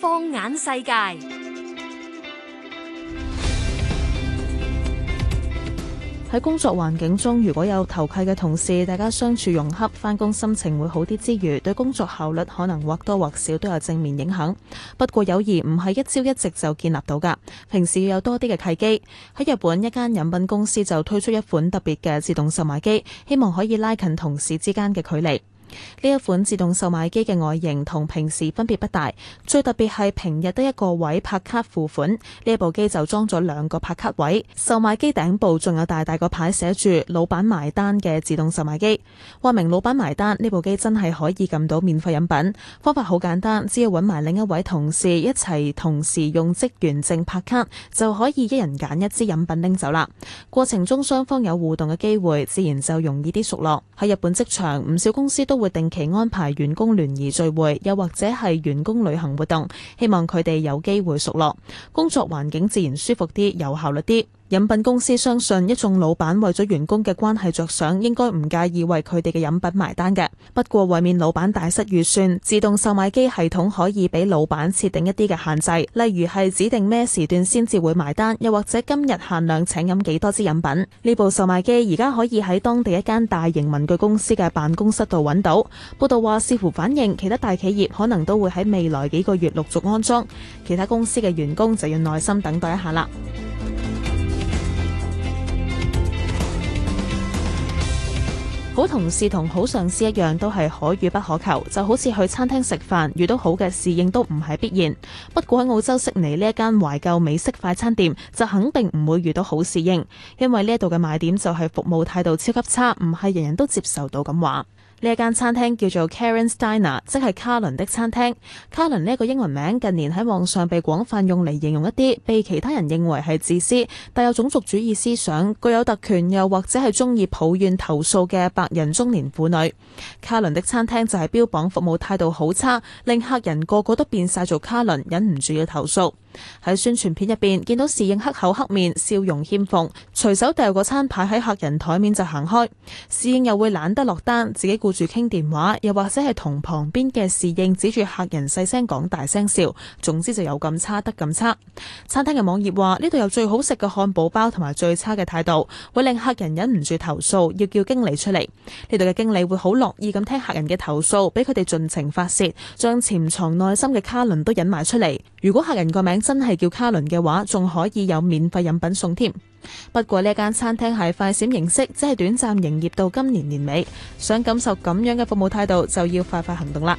放眼世界，喺工作環境中，如果有投契嘅同事，大家相處融洽，返工心情會好啲之餘，對工作效率可能或多或少都有正面影響。不過，友誼唔係一朝一夕就建立到噶，平時要有多啲嘅契機。喺日本一間飲品公司就推出一款特別嘅自動售賣機，希望可以拉近同事之間嘅距離。呢一款自動售賣機嘅外形同平時分別不大，最特別係平日得一個位拍卡付款，呢一部機就裝咗兩個拍卡位。售賣機頂部仲有大大個牌寫住「老闆埋單」嘅自動售賣機，話明老闆埋單呢部機真係可以撳到免費飲品。方法好簡單，只要揾埋另一位同事一齊同時用職員證拍卡，就可以一人揀一支飲品拎走啦。過程中雙方有互動嘅機會，自然就容易啲熟落。喺日本職場，唔少公司都會會定期安排員工聯誼聚會，又或者係員工旅行活動，希望佢哋有機會熟絡，工作環境自然舒服啲，有效率啲。飲品公司相信一眾老闆為咗員工嘅關係着想，應該唔介意為佢哋嘅飲品埋單嘅。不過為免老闆大失預算，自動售賣機系統可以俾老闆設定一啲嘅限制，例如係指定咩時段先至會埋單，又或者今日限量請飲幾多支飲品。呢部售賣機而家可以喺當地一間大型文具公司嘅辦公室度搵到。報道話，視乎反映其他大企業可能都會喺未來幾個月陸續安裝，其他公司嘅員工就要耐心等待一下啦。好同事同好上司一樣，都係可遇不可求。就好似去餐廳食飯，遇到好嘅侍應都唔係必然。不過喺澳洲悉尼呢一間懷舊美式快餐店，就肯定唔會遇到好侍應，因為呢一度嘅賣點就係服務態度超級差，唔係人人都接受到咁話。呢一間餐廳叫做 Karen's Diner，即係卡倫的餐廳。卡倫呢個英文名近年喺網上被廣泛用嚟形容一啲被其他人認為係自私、帶有種族主義思想、具有特權又或者係中意抱怨投訴嘅白人中年婦女。卡倫的餐廳就係標榜服務態度好差，令客人個個都變晒做卡倫，忍唔住要投訴。喺宣傳片入邊見到侍應黑口黑面，笑容欠奉，隨手掉個餐牌喺客人台面就行開。侍應又會懶得落單，自己顧住傾電話，又或者係同旁邊嘅侍應指住客人細聲講，大聲笑。總之就有咁差，得咁差。餐廳嘅網頁話呢度有最好食嘅漢堡包，同埋最差嘅態度，會令客人忍唔住投訴，要叫經理出嚟。呢度嘅經理會好樂意咁聽客人嘅投訴，俾佢哋盡情發洩，將潛藏內心嘅卡倫都引埋出嚟。如果客人個名真係叫卡倫嘅話，仲可以有免費飲品送添。不過呢間餐廳係快閃形式，只係短暫營業到今年年尾。想感受咁樣嘅服務態度，就要快快行動啦！